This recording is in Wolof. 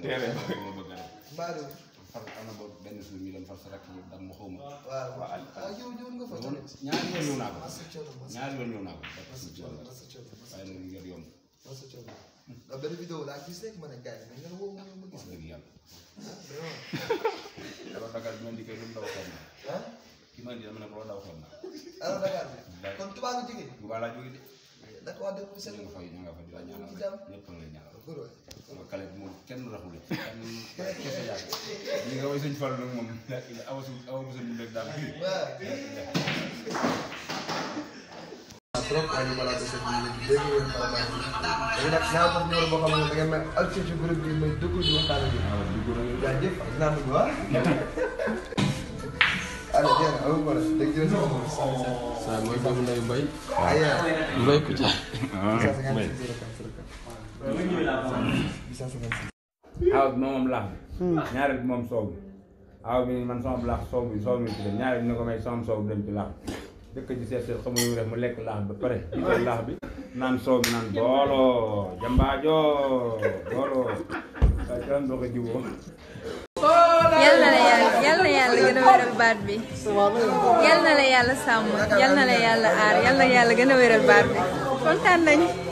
teeree ba ko bëgg a def. Mbadou. far am na boobu benn film yi doon far sa rek mu dam ma xawma. waaw waaw yow yow nga fa ñaari yoon ñëw naa ko. ñaari yoon ñëw naa ko. waaye nag ngeen yomb. waaw benn vidéo laa gis rek ma ne gars yi mais ngeen woo ma ma gis. wax dëgg yàlla. dama dagal bi ma ndikkee lu mu daw xam na. ki ma indi dama ne ko daw xam na. alors dagal bi kon tubaab nga jógee. tubaab laa jógee de. d'accord waa dëkk bi seen. ñu nga fay ñu nga fa di la ñaanal ñëpp nga ñaanal. kenn raxu la kenn kese yàgg li nga way sëñ Fall nag moom awa su awa bu sëñ bu nekk daal kii trop Aliou balaa ko jot nii léegi dégg ngeen faram bàyyi léegi nag naa ko numéro boo xam ne da ngeen may ak ci groupe bi may dugg di waxtaan ak yéen. waaw dugg na ngeen jaajëf naa dugg waaw. Aliou jërë nga amul wala dégg ngeen sama bopp. saa mooy doomu ndeyu mbay. waaw mbay ku ca. ah mbay. 856 aw bi moom lax bi hmm. ñaareel bi moom soow bi aw bi man sama lax soow bi soow mi ci dem ñaareel bi ne ko may sama soow bi dem ci lax bi mu lekk lax bi pare naan soow bi naan booloo jambaajo booloo waaye daal doo ko jiwoo yal na la yàlla yal na yàlla gën a wéral baat bi yal na la yàlla sàmm yal na la yàlla aar yal yàlla gën a wéral baat bi kontaan nañ